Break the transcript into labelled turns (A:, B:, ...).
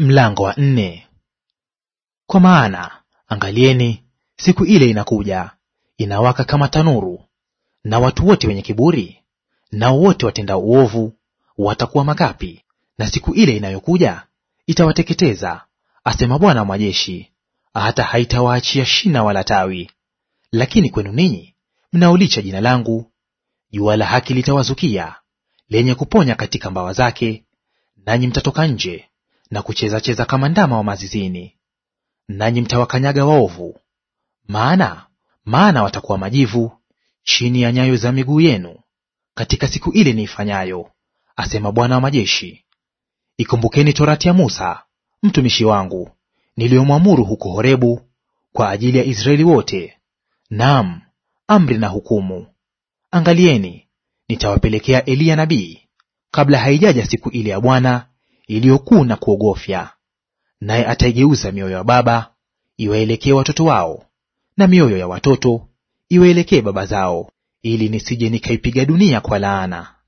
A: Mlango wa nne. Kwa maana angalieni, siku ile inakuja inawaka kama tanuru, na watu wote wenye kiburi nao wote watenda uovu watakuwa makapi, na siku ile inayokuja itawateketeza, asema Bwana wa majeshi, hata haitawaachia shina wala tawi. Lakini kwenu ninyi mnaolicha jina langu, jua la haki litawazukia lenye kuponya katika mbawa zake, nanyi mtatoka nje na kuchezacheza kama ndama wa mazizini. Nanyi mtawakanyaga waovu, maana maana watakuwa majivu chini ya nyayo za miguu yenu katika siku ile niifanyayo, asema Bwana wa majeshi. Ikumbukeni torati ya Musa mtumishi wangu niliyomwamuru huko Horebu kwa ajili ya Israeli wote, naam, amri na hukumu. Angalieni, nitawapelekea Eliya nabii kabla haijaja siku ile ya Bwana iliyokuu na kuogofya, naye ataigeuza mioyo ya baba iwaelekee watoto wao, na mioyo ya watoto iwaelekee baba zao, ili nisije nikaipiga dunia kwa
B: laana.